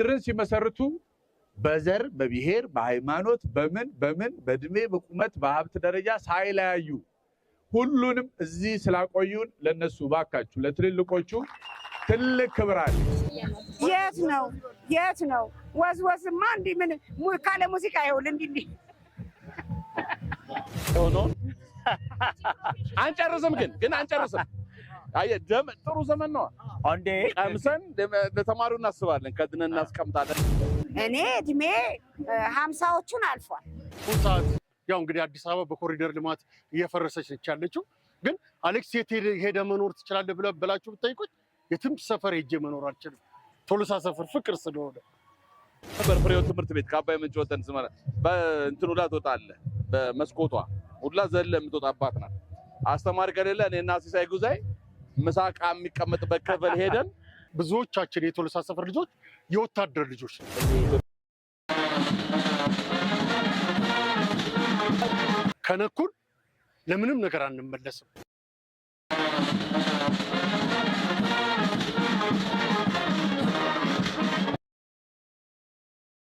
ድርን ሲመሰርቱ በዘር በብሔር በሃይማኖት በምን በምን በእድሜ በቁመት በሀብት ደረጃ ሳይለያዩ ሁሉንም እዚህ ስላቆዩን ለነሱ ባካችሁ ለትልልቆቹ ትልቅ ክብር አለ። የት ነው የት ነው? ወዝ ወዝማ እንዲህ ምን ካለ ሙዚቃ ይውል እንዲህ አንጨርስም ግን ግን አንጨርስም አየ ደም ጥሩ ዘመን ነው። አንዴ ቀምሰን ለተማሪው እናስባለን፣ ከድነን እናስቀምጣለን። እኔ እድሜ ሀምሳዎቹን አልፏል። ሰዓት ያው እንግዲህ አዲስ አበባ በኮሪደር ልማት እየፈረሰች ነች ያለችው። ግን አሌክስ የት ሄደ መኖር ትችላለህ ብለ ብላችሁ ብታይቆች የትም ሰፈር ሄጄ መኖር አልችልም። ቶሎሳ ሰፈር ፍቅር ስለሆነ ፍሬው ትምህርት ቤት ከአባይ ምንጭ ወተን ስመራ በእንትን ሁላ ትወጣለህ። በመስኮቷ ሁላ ዘለ የምትወጣባት ናት። አስተማሪ ከሌለ እኔና ሲሳይ ጉዛይ ምሳቃ የሚቀመጥበት ክፍል ሄደን ብዙዎቻችን የቶሎሳ ሰፈር ልጆች የወታደር ልጆች ከነኩን ለምንም ነገር አንመለስም።